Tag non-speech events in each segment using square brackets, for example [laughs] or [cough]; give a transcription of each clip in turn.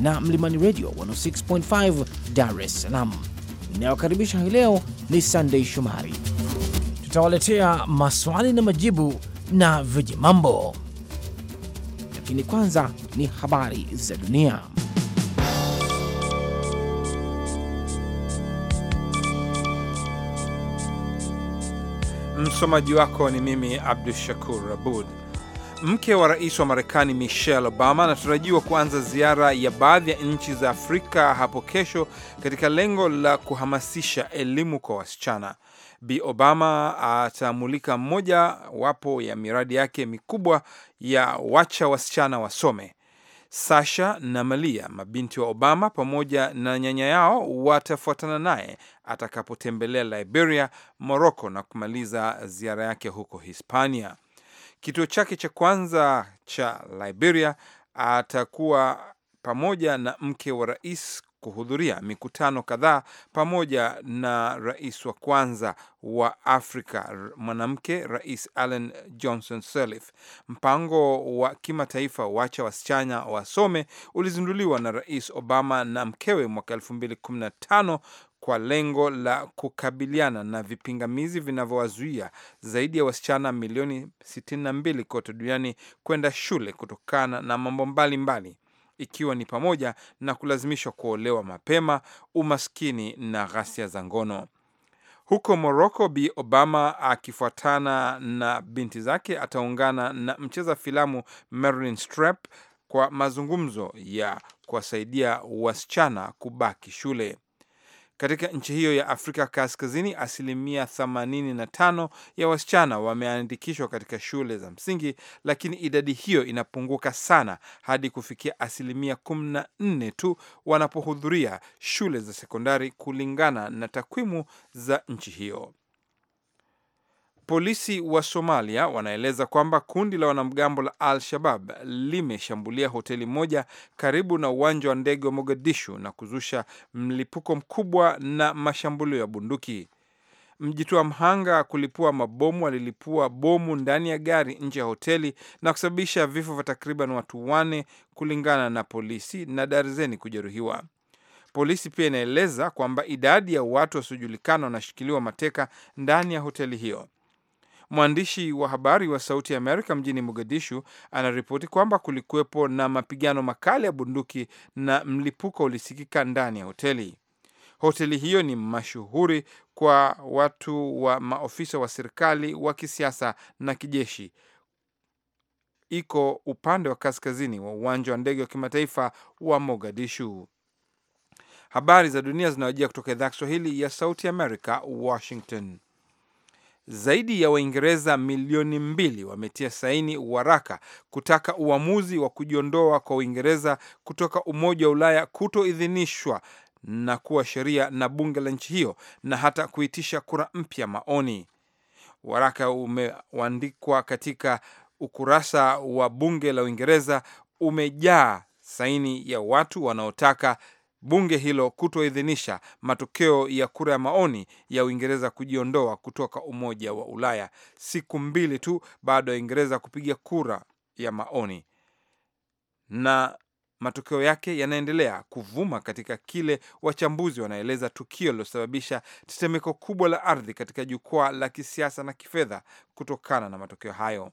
na Mlimani Radio 106.5 Dar es Salaam. Inayokaribisha hii leo ni Sunday Shomari. Tutawaletea maswali na majibu na mambo lakini kwanza ni habari za dunia. Msomaji wako ni mimi Abdu Shakur Abud. Mke wa rais wa Marekani Michelle Obama anatarajiwa kuanza ziara ya baadhi ya nchi za Afrika hapo kesho katika lengo la kuhamasisha elimu kwa wasichana. Bi Obama atamulika mmoja wapo ya miradi yake mikubwa ya wacha wasichana wasome. Sasha na Malia, mabinti wa Obama, pamoja na nyanya yao watafuatana naye atakapotembelea Liberia, Morocco na kumaliza ziara yake huko Hispania. Kituo chake cha kwanza cha Liberia atakuwa pamoja na mke wa rais kuhudhuria mikutano kadhaa pamoja na rais wa kwanza wa Afrika mwanamke, Rais Ellen Johnson Sirleaf. Mpango wa kimataifa wacha wasichana wasome ulizinduliwa na Rais Obama na mkewe mwaka 2015 kwa lengo la kukabiliana na vipingamizi vinavyowazuia zaidi ya wasichana milioni 62 kote duniani kwenda shule kutokana na mambo mbalimbali ikiwa ni pamoja na kulazimishwa kuolewa mapema, umaskini na ghasia za ngono. Huko Morocco, Bi Obama akifuatana na binti zake ataungana na mcheza filamu Meryl Streep kwa mazungumzo ya kuwasaidia wasichana kubaki shule. Katika nchi hiyo ya Afrika Kaskazini, asilimia 85 ya wasichana wameandikishwa katika shule za msingi, lakini idadi hiyo inapunguka sana hadi kufikia asilimia 14 tu wanapohudhuria shule za sekondari, kulingana na takwimu za nchi hiyo. Polisi wa Somalia wanaeleza kwamba kundi la wanamgambo la Al-Shabab limeshambulia hoteli moja karibu na uwanja wa ndege wa Mogadishu na kuzusha mlipuko mkubwa na mashambulio ya bunduki. Mjitoa mhanga kulipua mabomu alilipua bomu ndani ya gari nje ya hoteli na kusababisha vifo vya takriban watu wane, kulingana na polisi, na darzeni kujeruhiwa. Polisi pia inaeleza kwamba idadi ya watu wasiojulikana wanashikiliwa mateka ndani ya hoteli hiyo. Mwandishi wa habari wa Sauti ya Amerika mjini Mogadishu anaripoti kwamba kulikuwepo na mapigano makali ya bunduki na mlipuko ulisikika ndani ya hoteli. Hoteli hiyo ni mashuhuri kwa watu wa maofisa wa serikali wa kisiasa na kijeshi. Iko upande wa kaskazini wa uwanja wa ndege wa kimataifa wa Mogadishu. Habari za dunia zinawajia kutoka idhaa ya Kiswahili ya Sauti Amerika, Washington. Zaidi ya Waingereza milioni mbili wametia saini waraka kutaka uamuzi wa kujiondoa kwa Uingereza kutoka Umoja wa Ulaya kutoidhinishwa na kuwa sheria na bunge la nchi hiyo na hata kuitisha kura mpya maoni. Waraka umeandikwa katika ukurasa wa bunge la Uingereza umejaa saini ya watu wanaotaka bunge hilo kutoidhinisha matokeo ya kura ya maoni ya Uingereza kujiondoa kutoka Umoja wa Ulaya siku mbili tu baada ya Uingereza kupiga kura ya maoni na matokeo yake yanaendelea kuvuma katika kile wachambuzi wanaeleza tukio lilosababisha tetemeko kubwa la ardhi katika jukwaa la kisiasa na kifedha. Kutokana na matokeo hayo,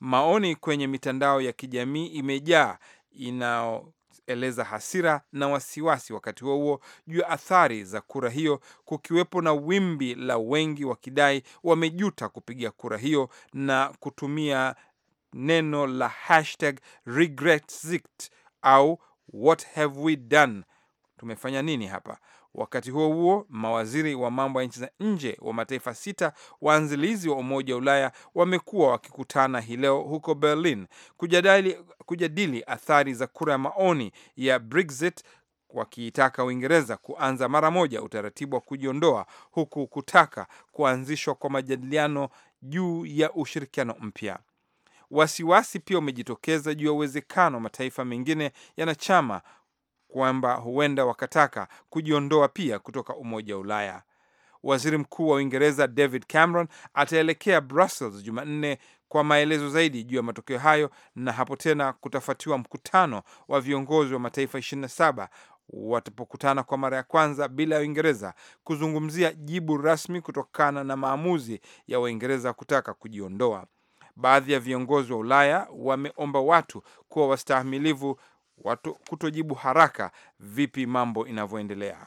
maoni kwenye mitandao ya kijamii imejaa, inao kueleza hasira na wasiwasi, wakati huo huo juu ya athari za kura hiyo, kukiwepo na wimbi la wengi wakidai wamejuta kupiga kura hiyo na kutumia neno la hashtag Regretsit au what have we done, tumefanya nini hapa, Wakati huo huo, mawaziri wa mambo ya nchi za nje wa mataifa sita waanzilizi wa Umoja wa Ulaya wamekuwa wakikutana hii leo huko Berlin kujadili, kujadili athari za kura ya maoni ya Brexit wakiitaka Uingereza kuanza mara moja utaratibu wa kujiondoa huku kutaka kuanzishwa kwa majadiliano juu ya ushirikiano mpya. Wasiwasi pia umejitokeza juu ya uwezekano wa mataifa mengine yanachama kwamba huenda wakataka kujiondoa pia kutoka Umoja wa Ulaya. Waziri Mkuu wa Uingereza David Cameron ataelekea Brussels Jumanne kwa maelezo zaidi juu ya matokeo hayo, na hapo tena kutafuatiwa mkutano wa viongozi wa mataifa 27 watapokutana kwa mara ya kwanza bila ya Uingereza kuzungumzia jibu rasmi kutokana na maamuzi ya Waingereza kutaka kujiondoa. Baadhi ya viongozi wa Ulaya wameomba watu kuwa wastahamilivu watu kutojibu haraka vipi mambo inavyoendelea.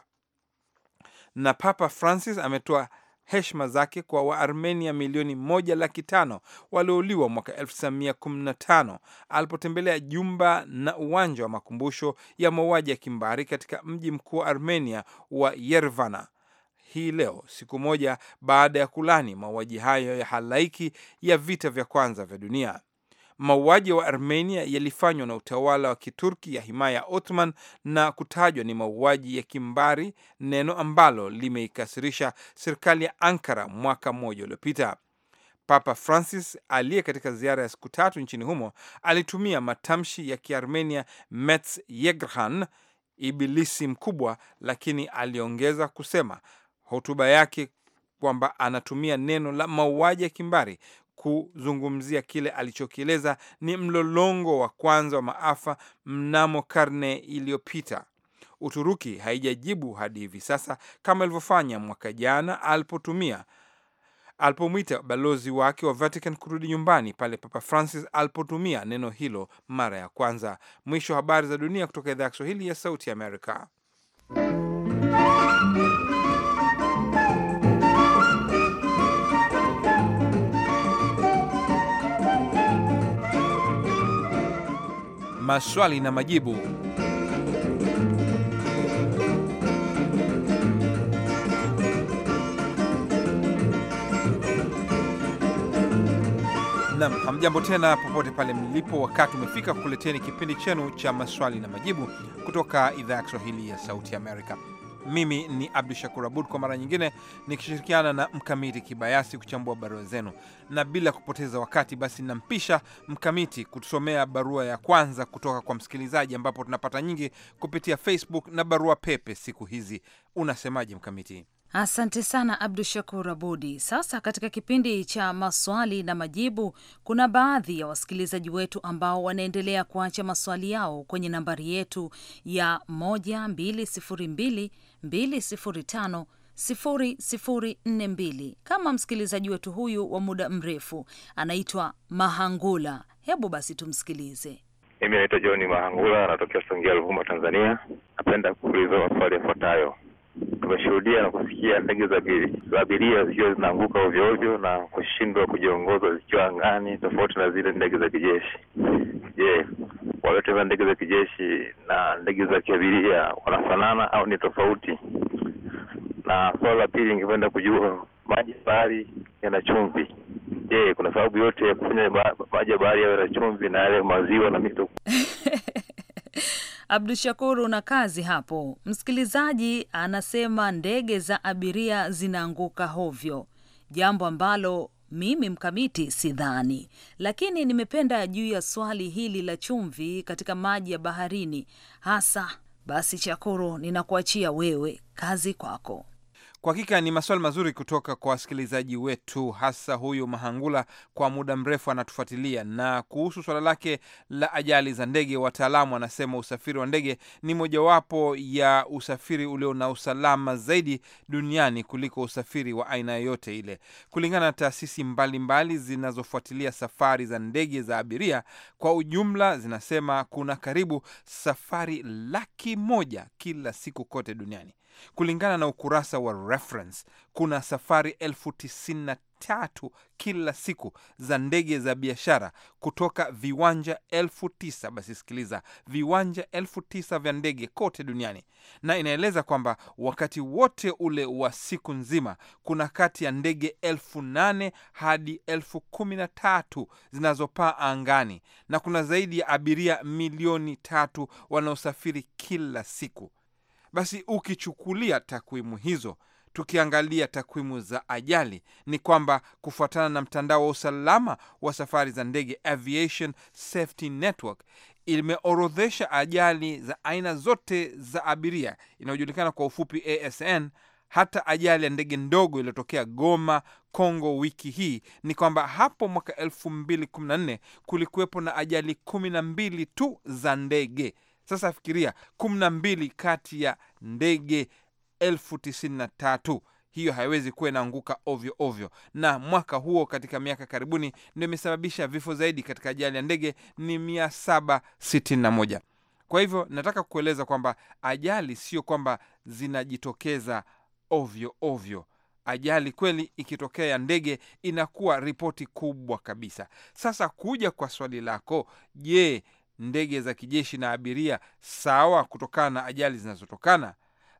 Na Papa Francis ametoa heshima zake kwa Waarmenia milioni moja laki tano waliouliwa mwaka 1915 alipotembelea jumba na uwanja wa makumbusho ya mauaji ya kimbari katika mji mkuu wa Armenia wa Yervana hii leo, siku moja baada ya kulani mauaji hayo ya halaiki ya vita vya kwanza vya dunia mauaji wa Armenia yalifanywa na utawala wa Kiturki ya himaya Ottoman na kutajwa ni mauaji ya kimbari, neno ambalo limeikasirisha serikali ya Ankara mwaka mmoja uliopita. Papa Francis aliye katika ziara ya siku tatu nchini humo alitumia matamshi ya Kiarmenia mets yegrhan, ibilisi mkubwa, lakini aliongeza kusema hotuba yake kwamba anatumia neno la mauaji ya kimbari kuzungumzia kile alichokieleza ni mlolongo wa kwanza wa maafa mnamo karne iliyopita. Uturuki haijajibu hadi hivi sasa kama ilivyofanya mwaka jana alipotumia alipomwita balozi wake wa Vatican kurudi nyumbani pale Papa Francis alipotumia neno hilo mara ya kwanza. Mwisho wa habari za dunia kutoka idhaa ya Kiswahili ya Sauti ya Amerika. maswali na majibu. Nam, hamjambo tena popote pale mlipo. Wakati umefika kukuleteni kipindi chenu cha maswali na majibu kutoka idhaa ya Kiswahili ya Sauti Amerika. Mimi ni Abdu Shakur Abud kwa mara nyingine nikishirikiana na Mkamiti Kibayasi kuchambua barua zenu, na bila kupoteza wakati, basi nampisha Mkamiti kutusomea barua ya kwanza kutoka kwa msikilizaji, ambapo tunapata nyingi kupitia Facebook na barua pepe siku hizi. Unasemaje Mkamiti? Asante sana Abdu Shakur Abudi. Sasa katika kipindi cha maswali na majibu, kuna baadhi ya wasikilizaji wetu ambao wanaendelea kuacha maswali yao kwenye nambari yetu ya 12022050042 kama msikilizaji wetu huyu wa muda mrefu anaitwa Mahangula. Hebu basi tumsikilize. Mimi naitwa Johni Mahangula, anatokea Songea, Ruvuma, Tanzania. Napenda kuuliza maswali yafuatayo tumeshuhudia na kusikia ndege za abiria zikiwa zinaanguka ovyoovyo na kushindwa kujiongoza zikiwa angani, tofauti na zile ndege za kijeshi. Je, walete ndege za kijeshi na ndege za kiabiria wanafanana au ni tofauti? Na swala la pili, ningependa kujua maji ya bahari yana chumvi. Je, kuna sababu yote ya kufanya maji ya bahari yawe na chumvi na yale maziwa na mito? [laughs] [laughs] Abdu Shakur, una kazi hapo. Msikilizaji anasema ndege za abiria zinaanguka hovyo, jambo ambalo mimi mkamiti sidhani, lakini nimependa juu ya swali hili la chumvi katika maji ya baharini hasa. Basi Chakuru, ninakuachia wewe, kazi kwako. Kwa hakika ni maswali mazuri kutoka kwa wasikilizaji wetu, hasa huyu Mahangula, kwa muda mrefu anatufuatilia. Na kuhusu swala lake la ajali za ndege, wataalamu wanasema usafiri wa ndege ni mojawapo ya usafiri ulio na usalama zaidi duniani kuliko usafiri wa aina yoyote ile, kulingana na taasisi mbalimbali zinazofuatilia safari za ndege za abiria. Kwa ujumla, zinasema kuna karibu safari laki moja kila siku kote duniani. Kulingana na ukurasa wa Reference, kuna safari elfu tisini na tatu kila siku za ndege za biashara kutoka viwanja elfu tisa basi sikiliza, viwanja elfu tisa vya ndege kote duniani, na inaeleza kwamba wakati wote ule wa siku nzima kuna kati ya ndege elfu nane hadi elfu kumi na tatu zinazopaa angani na kuna zaidi ya abiria milioni tatu wanaosafiri kila siku. Basi ukichukulia takwimu hizo, tukiangalia takwimu za ajali, ni kwamba kufuatana na mtandao wa usalama wa safari za ndege Aviation Safety Network imeorodhesha ajali za aina zote za abiria inayojulikana kwa ufupi ASN hata ajali ya ndege ndogo iliyotokea Goma, Kongo wiki hii ni kwamba hapo mwaka 2014 kulikuwepo na ajali 12 tu za ndege sasa fikiria kumi na mbili kati ya ndege elfu tisini na tatu hiyo haiwezi kuwa inaanguka ovyo ovyo. Na mwaka huo katika miaka karibuni ndio imesababisha vifo zaidi katika ajali ya ndege ni mia moja Kwa hivyo nataka kueleza kwamba ajali sio kwamba zinajitokeza ovyo ovyo. Ajali kweli ikitokea ya ndege inakuwa ripoti kubwa kabisa. Sasa kuja kwa swali lako, je, ndege za kijeshi na abiria sawa, kutokana na ajali zinazotokana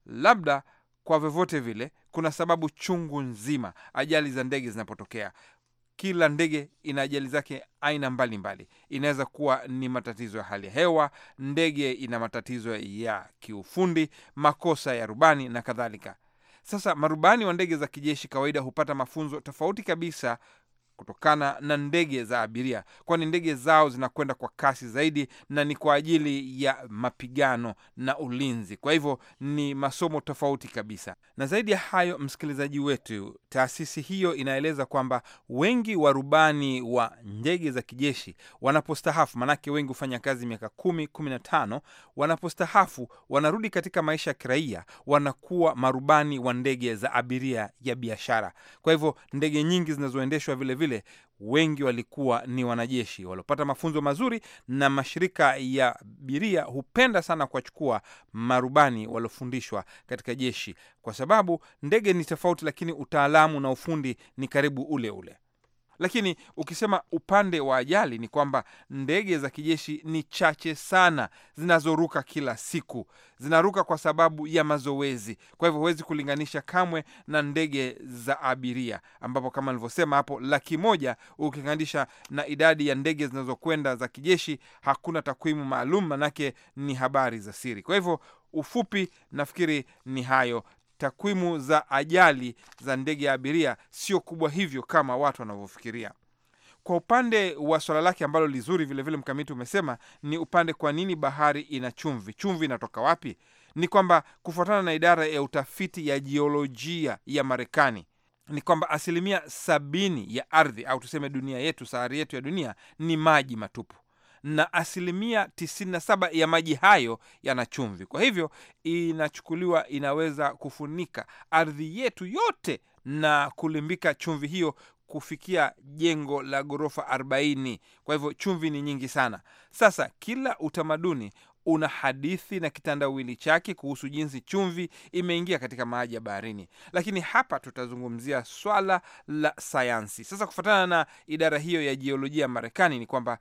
labda kwa vyovyote vile, kuna sababu chungu nzima ajali za ndege zinapotokea. Kila ndege ina ajali zake aina mbalimbali mbali. Inaweza kuwa ni matatizo ya hali ya hewa, ndege ina matatizo ya kiufundi, makosa ya rubani na kadhalika. Sasa marubani wa ndege za kijeshi kawaida hupata mafunzo tofauti kabisa kutokana na ndege za abiria, kwani ndege zao zinakwenda kwa kasi zaidi na ni kwa ajili ya mapigano na ulinzi. Kwa hivyo ni masomo tofauti kabisa. Na zaidi ya hayo, msikilizaji wetu, taasisi hiyo inaeleza kwamba wengi wa rubani wa ndege za kijeshi wanapostahafu, manake wengi hufanya kazi miaka kumi, kumi na tano, wanapostahafu wanarudi katika maisha ya kiraia, wanakuwa marubani wa ndege za abiria ya biashara. Kwa hivyo ndege nyingi zinazoendeshwa vilevile vile wengi walikuwa ni wanajeshi waliopata mafunzo mazuri, na mashirika ya abiria hupenda sana kuwachukua marubani waliofundishwa katika jeshi, kwa sababu ndege ni tofauti, lakini utaalamu na ufundi ni karibu ule ule. Lakini ukisema upande wa ajali ni kwamba ndege za kijeshi ni chache sana zinazoruka kila siku, zinaruka kwa sababu ya mazoezi. Kwa hivyo huwezi kulinganisha kamwe na ndege za abiria, ambapo kama nilivyosema hapo, laki moja ukilinganisha na idadi ya ndege zinazokwenda za kijeshi, hakuna takwimu maalum, manake ni habari za siri. Kwa hivyo ufupi, nafikiri ni hayo takwimu za ajali za ndege ya abiria sio kubwa hivyo kama watu wanavyofikiria. Kwa upande wa swala lake ambalo lizuri vilevile, mkamiti umesema ni upande, kwa nini bahari ina chumvi? Chumvi inatoka wapi? Ni kwamba kufuatana na idara ya utafiti ya jiolojia ya Marekani ni kwamba asilimia sabini ya ardhi au tuseme dunia yetu, sahari yetu ya dunia ni maji matupu na asilimia 97 ya maji hayo yana chumvi. Kwa hivyo inachukuliwa inaweza kufunika ardhi yetu yote na kulimbika chumvi hiyo kufikia jengo la ghorofa 40. Kwa hivyo chumvi ni nyingi sana. Sasa kila utamaduni una hadithi na kitandawili chake kuhusu jinsi chumvi imeingia katika maji ya baharini, lakini hapa tutazungumzia swala la sayansi. Sasa kufuatana na idara hiyo ya jiolojia ya Marekani ni kwamba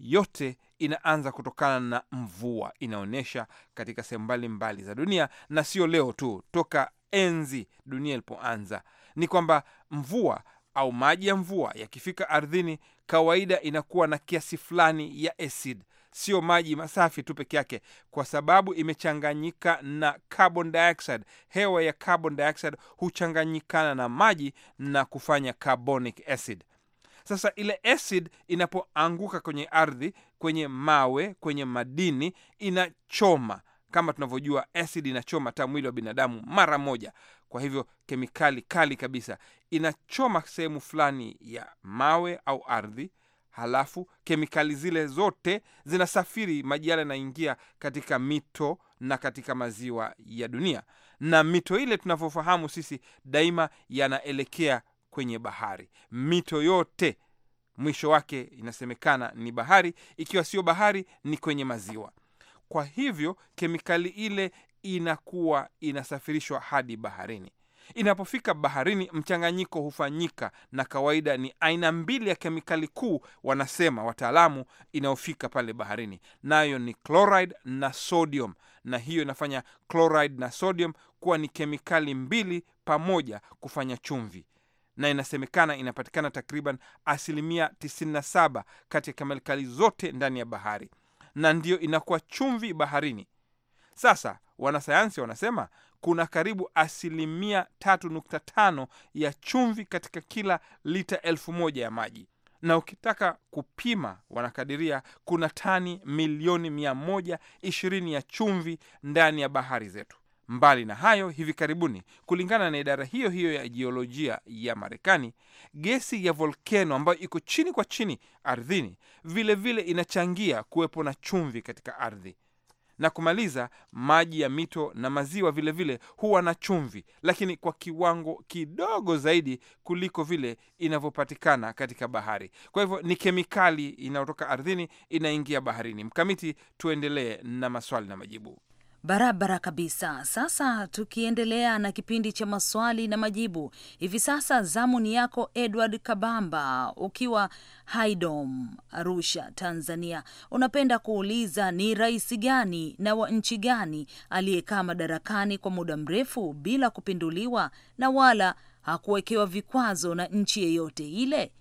yote inaanza kutokana na mvua. Inaonyesha katika sehemu mbalimbali za dunia, na sio leo tu, toka enzi dunia ilipoanza, ni kwamba mvua au maji ya mvua yakifika ardhini, kawaida inakuwa na kiasi fulani ya acid. Sio maji masafi tu peke yake, kwa sababu imechanganyika na carbon dioxide. Hewa ya carbon dioxide huchanganyikana na maji na kufanya carbonic acid. Sasa ile acid inapoanguka kwenye ardhi, kwenye mawe, kwenye madini, inachoma kama tunavyojua acid inachoma hata mwili wa binadamu mara moja. Kwa hivyo kemikali kali kabisa inachoma sehemu fulani ya mawe au ardhi, halafu kemikali zile zote zinasafiri, maji yale yanaingia katika mito na katika maziwa ya dunia, na mito ile tunavyofahamu sisi daima yanaelekea kwenye bahari. Mito yote mwisho wake inasemekana ni bahari, ikiwa sio bahari ni kwenye maziwa. Kwa hivyo kemikali ile inakuwa inasafirishwa hadi baharini. Inapofika baharini, mchanganyiko hufanyika, na kawaida ni aina mbili ya kemikali kuu, wanasema wataalamu, inayofika pale baharini, nayo ni chloride na sodium, na hiyo inafanya chloride na sodium kuwa ni kemikali mbili pamoja kufanya chumvi na inasemekana inapatikana takriban asilimia 97 kati ya kemikali zote ndani ya bahari, na ndiyo inakuwa chumvi baharini. Sasa wanasayansi wanasema kuna karibu asilimia 3.5 ya chumvi katika kila lita elfu moja ya maji, na ukitaka kupima, wanakadiria kuna tani milioni 120 ya chumvi ndani ya bahari zetu. Mbali na hayo, hivi karibuni, kulingana na idara hiyo hiyo ya jiolojia ya Marekani, gesi ya volkeno ambayo iko chini kwa chini ardhini vilevile vile inachangia kuwepo na chumvi katika ardhi. Na kumaliza, maji ya mito na maziwa vilevile vile huwa na chumvi, lakini kwa kiwango kidogo zaidi kuliko vile inavyopatikana katika bahari. Kwa hivyo ni kemikali inayotoka ardhini inaingia baharini. Mkamiti, tuendelee na maswali na majibu. Barabara kabisa. Sasa tukiendelea na kipindi cha maswali na majibu, hivi sasa zamu ni yako Edward Kabamba ukiwa Haidom, Arusha, Tanzania. Unapenda kuuliza ni rais gani na wa nchi gani aliyekaa madarakani kwa muda mrefu bila kupinduliwa na wala hakuwekewa vikwazo na nchi yeyote ile.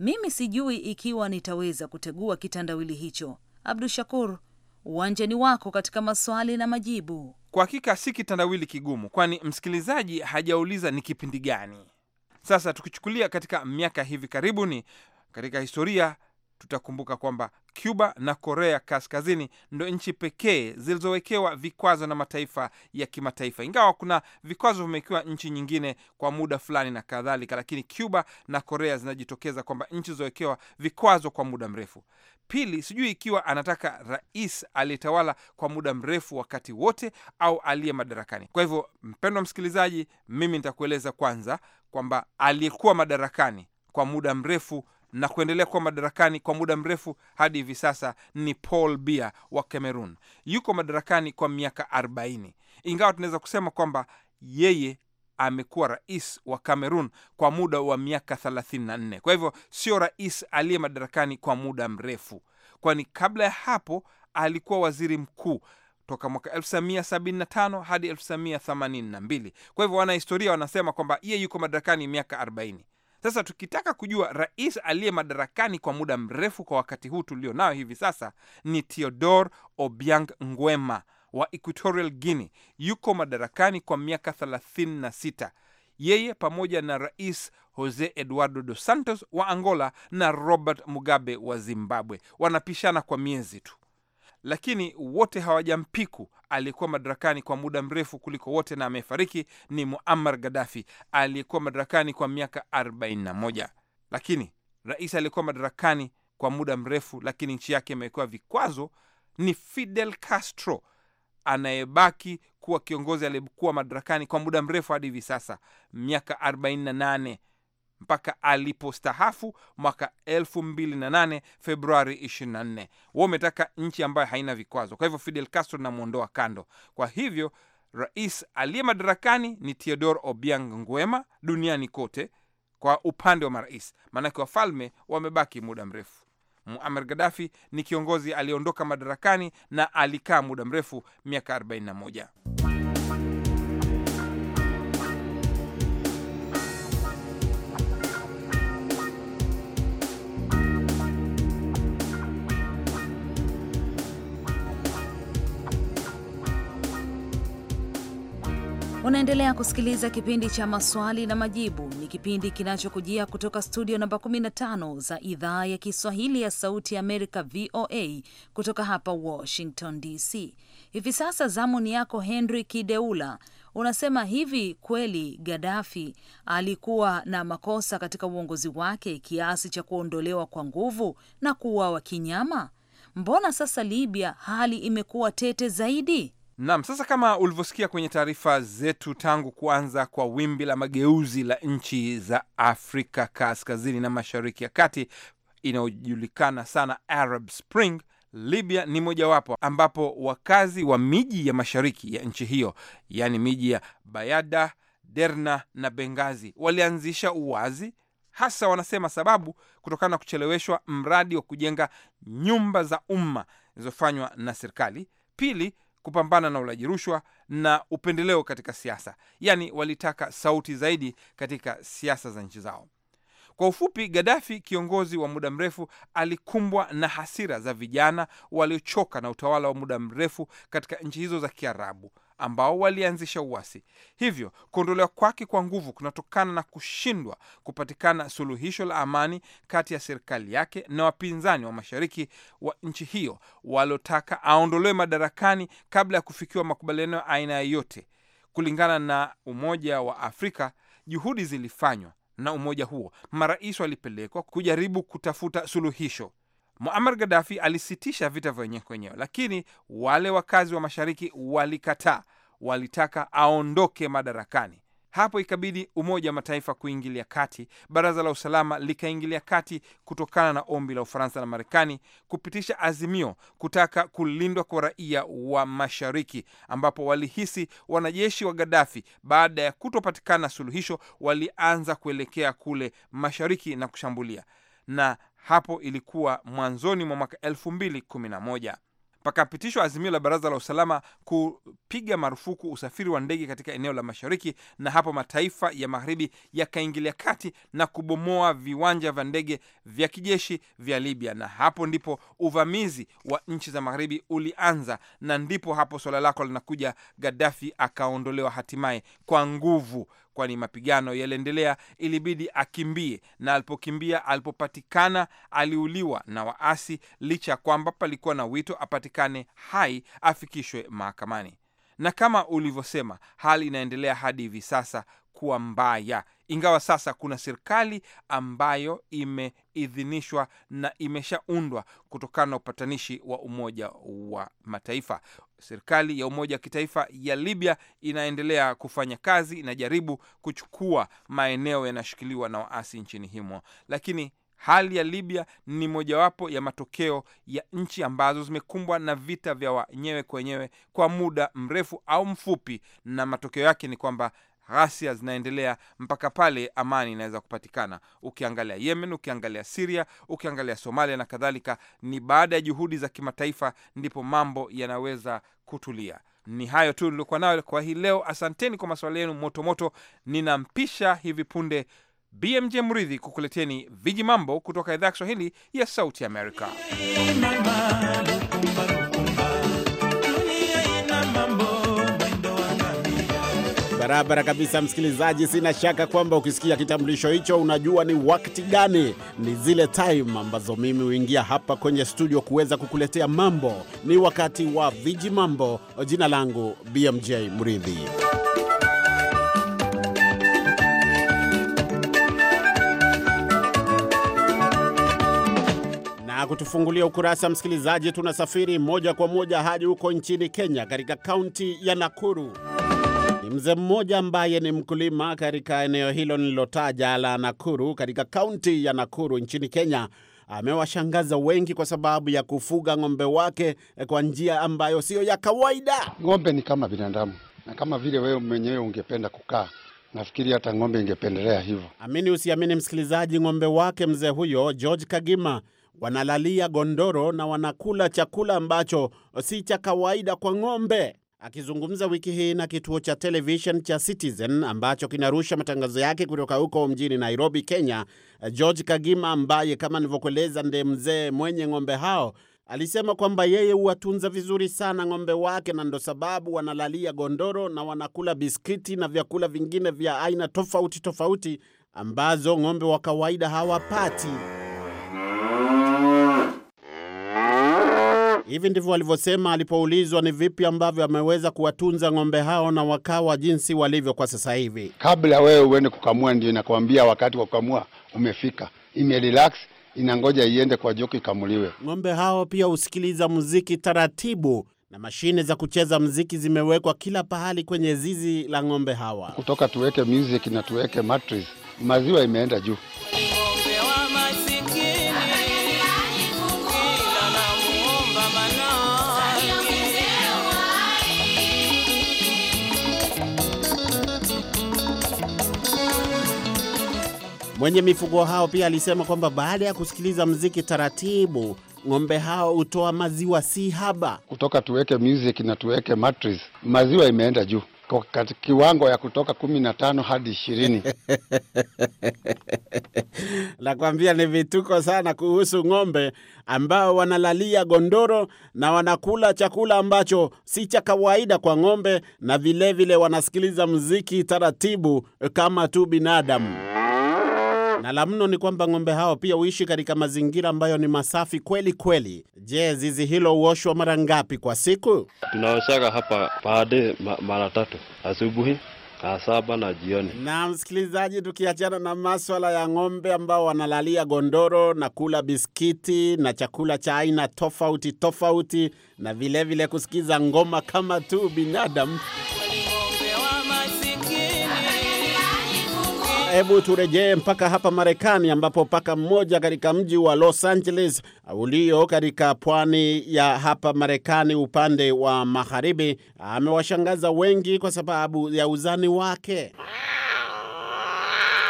Mimi sijui ikiwa nitaweza kutegua kitandawili hicho. Abdu Shakur, Uwanjani wako katika maswali na majibu. Kwa hakika si kitandawili kigumu, kwani msikilizaji hajauliza ni kipindi gani. Sasa tukichukulia katika miaka hivi karibuni katika historia Tutakumbuka kwamba Cuba na Korea Kaskazini ndo nchi pekee zilizowekewa vikwazo na mataifa ya kimataifa, ingawa kuna vikwazo vimewekiwa nchi nyingine kwa muda fulani na kadhalika, lakini Cuba na Korea zinajitokeza kwamba nchi zilizowekewa vikwazo kwa muda mrefu. Pili, sijui ikiwa anataka rais aliyetawala kwa muda mrefu wakati wote au aliye madarakani. Kwa hivyo, mpendwa msikilizaji, mimi nitakueleza kwanza kwamba aliyekuwa madarakani kwa muda mrefu na kuendelea kuwa madarakani kwa muda mrefu hadi hivi sasa ni Paul bia wa Cameroon. Yuko madarakani kwa miaka 40, ingawa tunaweza kusema kwamba yeye amekuwa rais wa Cameroon kwa muda wa miaka 34. Kwa hivyo sio rais aliye madarakani kwa muda mrefu, kwani kabla ya hapo alikuwa waziri mkuu toka mwaka 1975 hadi 1982. Kwa hivyo wanahistoria wanasema kwamba yeye yuko madarakani miaka 40. Sasa tukitaka kujua rais aliye madarakani kwa muda mrefu kwa wakati huu tulionayo hivi sasa ni teodor Obiang Nguema wa Equatorial Guinea, yuko madarakani kwa miaka 36 yeye pamoja na rais Jose Eduardo dos Santos wa Angola na Robert Mugabe wa Zimbabwe wanapishana kwa miezi tu lakini wote hawajampiku. Aliyekuwa madarakani kwa muda mrefu kuliko wote na amefariki ni Muammar Gaddafi aliyekuwa madarakani kwa miaka 41, lakini rais aliyekuwa madarakani kwa muda mrefu lakini nchi yake imewekewa vikwazo ni Fidel Castro anayebaki kuwa kiongozi aliyekuwa madarakani kwa muda mrefu hadi hivi sasa miaka 48 mpaka alipostahafu mwaka 2008 Februari 24. Wao umetaka nchi ambayo haina vikwazo. Kwa hivyo Fidel Castro namwondoa kando. Kwa hivyo rais aliye madarakani ni Theodore Obiang Nguema duniani kote, kwa upande wa marais, maanake wafalme wamebaki muda mrefu. Muammar Gaddafi ni kiongozi aliyeondoka madarakani na alikaa muda mrefu, miaka 41. Unaendelea kusikiliza kipindi cha maswali na majibu. Ni kipindi kinachokujia kutoka studio namba 15 za idhaa ya Kiswahili ya Sauti ya Amerika, VOA, kutoka hapa Washington DC. Hivi sasa zamu ni yako Henry Kideula. Unasema hivi, kweli Gaddafi alikuwa na makosa katika uongozi wake kiasi cha kuondolewa kwa nguvu na kuuawa kinyama? Mbona sasa Libya hali imekuwa tete zaidi? Naam, sasa kama ulivyosikia kwenye taarifa zetu, tangu kuanza kwa wimbi la mageuzi la nchi za Afrika kaskazini na mashariki ya kati inayojulikana sana Arab Spring, Libya ni mojawapo ambapo wakazi wa miji ya mashariki ya nchi hiyo, yaani miji ya Bayada, Derna na Bengazi walianzisha uwazi hasa, wanasema sababu kutokana na kucheleweshwa mradi wa kujenga nyumba za umma zilizofanywa na serikali. Pili, kupambana na ulaji rushwa na upendeleo katika siasa. Yaani walitaka sauti zaidi katika siasa za nchi zao. Kwa ufupi, Gaddafi, kiongozi wa muda mrefu, alikumbwa na hasira za vijana waliochoka na utawala wa muda mrefu katika nchi hizo za Kiarabu ambao walianzisha uasi. Hivyo kuondolewa kwake kwa nguvu kunatokana na kushindwa kupatikana suluhisho la amani kati ya serikali yake na wapinzani wa mashariki wa nchi hiyo waliotaka aondolewe madarakani kabla ya kufikiwa makubaliano ya aina yoyote. Kulingana na Umoja wa Afrika, juhudi zilifanywa na umoja huo, marais walipelekwa kujaribu kutafuta suluhisho. Muammar Gaddafi alisitisha vita vya wenyewe kwenyewe, lakini wale wakazi wa mashariki walikataa, walitaka aondoke madarakani. Hapo ikabidi Umoja wa Mataifa kuingilia kati, Baraza la Usalama likaingilia kati kutokana na ombi la Ufaransa na Marekani kupitisha azimio kutaka kulindwa kwa raia wa mashariki, ambapo walihisi wanajeshi wa Gaddafi, baada ya kutopatikana suluhisho, walianza kuelekea kule mashariki na kushambulia na hapo ilikuwa mwanzoni mwa mwaka 2011 pakapitishwa azimio la Baraza la Usalama kupiga marufuku usafiri wa ndege katika eneo la mashariki, na hapo mataifa ya magharibi yakaingilia kati na kubomoa viwanja vya ndege vya kijeshi vya Libya, na hapo ndipo uvamizi wa nchi za magharibi ulianza, na ndipo hapo suala lako linakuja, Gaddafi akaondolewa hatimaye kwa nguvu kwani mapigano yaliendelea, ilibidi akimbie, na alipokimbia, alipopatikana aliuliwa na waasi, licha ya kwamba palikuwa na wito apatikane hai, afikishwe mahakamani. Na kama ulivyosema, hali inaendelea hadi hivi sasa kuwa mbaya, ingawa sasa kuna serikali ambayo imeidhinishwa na imeshaundwa kutokana na upatanishi wa Umoja wa Mataifa. Serikali ya umoja wa kitaifa ya Libya inaendelea kufanya kazi, inajaribu kuchukua maeneo yanayoshikiliwa na waasi nchini humo, lakini hali ya Libya ni mojawapo ya matokeo ya nchi ambazo zimekumbwa na vita vya wenyewe kwenyewe kwa muda mrefu au mfupi, na matokeo yake ni kwamba ghasia zinaendelea mpaka pale amani inaweza kupatikana. Ukiangalia Yemen, ukiangalia Siria, ukiangalia Somalia na kadhalika, ni baada ya juhudi za kimataifa ndipo mambo yanaweza kutulia. Ni hayo tu niliokuwa nayo kwa hii leo. Asanteni kwa maswala yenu motomoto. Ninampisha hivi punde BMJ Mridhi kukuleteni viji mambo kutoka idhaa ya Kiswahili ya Sauti Amerika. Barabara kabisa, msikilizaji, sina shaka kwamba ukisikia kitambulisho hicho unajua ni wakati gani. Ni zile time ambazo mimi huingia hapa kwenye studio kuweza kukuletea mambo. Ni wakati wa viji mambo. Jina langu BMJ Mridhi. Kutufungulia ukurasa msikilizaji, tunasafiri moja kwa moja hadi huko nchini Kenya, katika kaunti ya Nakuru. Ni mzee mmoja ambaye ni mkulima katika eneo hilo nililotaja la Nakuru katika kaunti ya Nakuru nchini Kenya amewashangaza wengi kwa sababu ya kufuga ng'ombe wake eh, kwa njia ambayo siyo ya kawaida. Ng'ombe ni kama binadamu na kama vile wewe mwenyewe ungependa kukaa Nafikiri hata ng'ombe ingependelea hivyo. Amini usiamini, msikilizaji, ng'ombe wake mzee huyo George Kagima wanalalia gondoro na wanakula chakula ambacho si cha kawaida kwa ng'ombe. Akizungumza wiki hii na kituo cha televishen cha Citizen ambacho kinarusha matangazo yake kutoka huko mjini Nairobi, Kenya, George Kagima ambaye kama nilivyokueleza ndiye mzee mwenye ng'ombe hao alisema kwamba yeye huwatunza vizuri sana ng'ombe wake na ndo sababu wanalalia gondoro na wanakula biskiti na vyakula vingine vya aina tofauti tofauti ambazo ng'ombe wa kawaida hawapati. Hivi ndivyo alivyosema alipoulizwa ni vipi ambavyo ameweza kuwatunza ng'ombe hao na wakawa jinsi walivyo kwa sasa hivi. Kabla wewe uende kukamua, ndio inakwambia wakati wa kukamua umefika, imerelax inangoja iende kwa joki ikamuliwe. Ng'ombe hao pia husikiliza muziki taratibu na mashine za kucheza mziki zimewekwa kila pahali kwenye zizi la ng'ombe hawa. Kutoka tuweke music na tuweke mattress, maziwa imeenda juu. Mwenye mifugo hao pia alisema kwamba baada ya kusikiliza mziki taratibu, ng'ombe hao hutoa maziwa si haba. Kutoka tuweke music na tuweke mattress, maziwa imeenda juu kwa kiwango ya kutoka kumi na tano hadi ishirini. [laughs] Nakwambia ni vituko sana kuhusu ng'ombe ambao wanalalia gondoro na wanakula chakula ambacho si cha kawaida kwa ng'ombe, na vilevile vile wanasikiliza mziki taratibu kama tu binadamu na la mno ni kwamba ng'ombe hao pia huishi katika mazingira ambayo ni masafi kweli kweli. Je, zizi hilo huoshwa mara ngapi kwa siku? Tunaoshaga hapa baada ma, mara tatu, asubuhi saba na jioni. Na msikilizaji, tukiachana na maswala ya ng'ombe ambao wanalalia gondoro na kula biskiti na chakula cha aina tofauti tofauti na vilevile vile kusikiza ngoma kama tu binadamu hebu turejee mpaka hapa Marekani, ambapo paka mmoja katika mji wa Los Angeles ulio katika pwani ya hapa Marekani upande wa magharibi amewashangaza wengi kwa sababu ya uzani wake.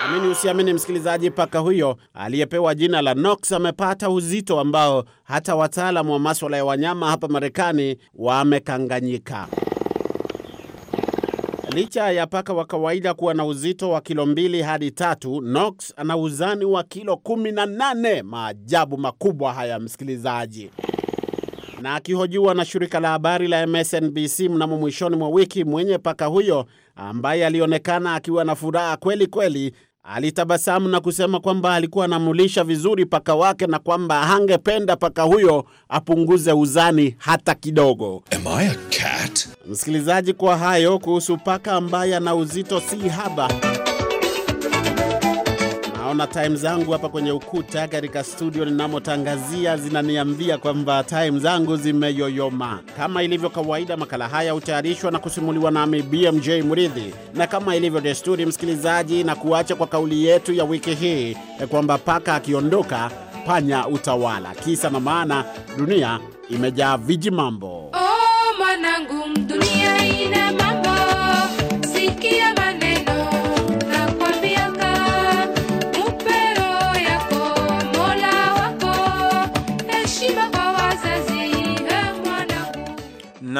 Amini usiamini, msikilizaji, paka huyo aliyepewa jina la Nox amepata uzito ambao hata wataalamu wa maswala ya wanyama hapa Marekani wamekanganyika. Licha ya paka wa kawaida kuwa na uzito wa kilo mbili hadi tatu, nox ana uzani wa kilo kumi na nane. Maajabu makubwa haya, msikilizaji. Na akihojiwa na shirika la habari la MSNBC mnamo mwishoni mwa wiki, mwenye paka huyo ambaye alionekana akiwa na furaha kweli kweli Alitabasamu na kusema kwamba alikuwa anamulisha vizuri paka wake na kwamba hangependa paka huyo apunguze uzani hata kidogo. Am I a cat? Msikilizaji, kwa hayo kuhusu paka ambaye ana uzito si haba. Naona time zangu hapa kwenye ukuta katika studio ninamotangazia zinaniambia kwamba time zangu zimeyoyoma. Kama ilivyo kawaida, makala haya hutayarishwa na kusimuliwa nami BMJ mridhi na kama ilivyo desturi, msikilizaji, na kuacha kwa kauli yetu ya wiki hii eh, kwamba paka akiondoka panya utawala. Kisa na maana, dunia imejaa viji mambo. Oh, mwanangu, dunia ina mambo. Sikia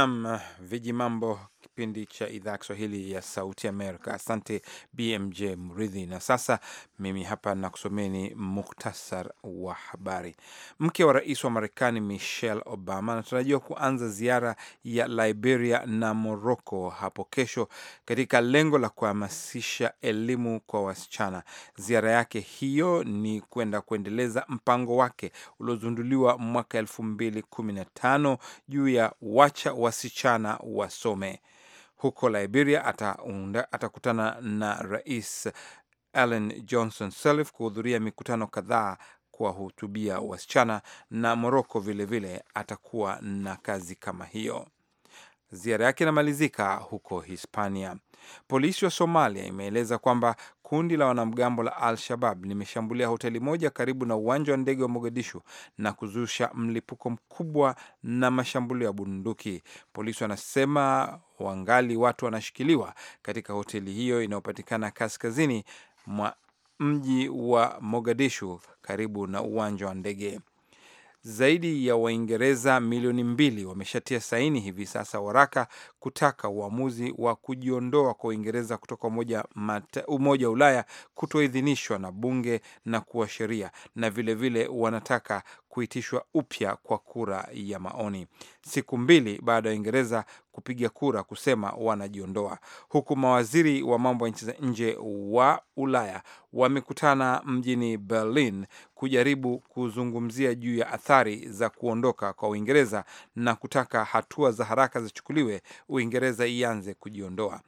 Naam, viji mambo kipindi cha idhaa ya Kiswahili ya Sauti Amerika. Asante BMJ Mridhi. Na sasa mimi hapa nakusomeni muktasar wa habari. Mke wa rais wa Marekani Michelle Obama anatarajiwa kuanza ziara ya Liberia na Morocco hapo kesho katika lengo la kuhamasisha elimu kwa wasichana. Ziara yake hiyo ni kwenda kuendeleza mpango wake uliozunduliwa mwaka elfu mbili kumi na tano juu ya wacha wasichana wasome huko Liberia atakutana na Rais Ellen Johnson Sirleaf kuhudhuria mikutano kadhaa kuwahutubia wasichana, na Moroko vilevile atakuwa na kazi kama hiyo. Ziara yake inamalizika huko Hispania. Polisi wa Somalia imeeleza kwamba kundi la wanamgambo la Al-Shabab limeshambulia hoteli moja karibu na uwanja wa ndege wa Mogadishu na kuzusha mlipuko mkubwa na mashambulio ya bunduki. Polisi wanasema wangali watu wanashikiliwa katika hoteli hiyo inayopatikana kaskazini mwa mji wa Mogadishu karibu na uwanja wa ndege. Zaidi ya Waingereza milioni mbili wameshatia saini hivi sasa waraka kutaka uamuzi wa kujiondoa kwa Uingereza kutoka Umoja wa Ulaya kutoidhinishwa na bunge na kuwa sheria, na vilevile vile wanataka kuitishwa upya kwa kura ya maoni siku mbili baada ya Uingereza kupiga kura kusema wanajiondoa, huku mawaziri wa mambo ya nchi za nje wa Ulaya wamekutana mjini Berlin kujaribu kuzungumzia juu ya athari za kuondoka kwa Uingereza na kutaka hatua za haraka zichukuliwe Uingereza ianze kujiondoa.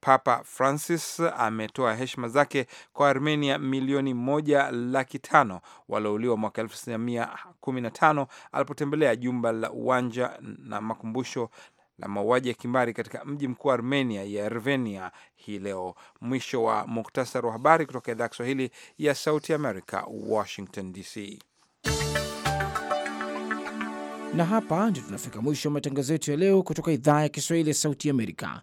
Papa Francis ametoa heshima zake kwa Armenia milioni moja laki tano walouliwa mwaka tano alipotembelea jumba la uwanja na makumbusho la mauaji ya kimbari katika mji mkuu wa Armenia ya Ervenia hii leo. Mwisho wa muktasari wa habari kutoka idhaa ya Kiswahili ya Sauti Amerika, Washington DC. Na hapa ndio tunafika mwisho wa matangazo yetu ya leo kutoka idhaa ya Kiswahili ya Sauti Amerika.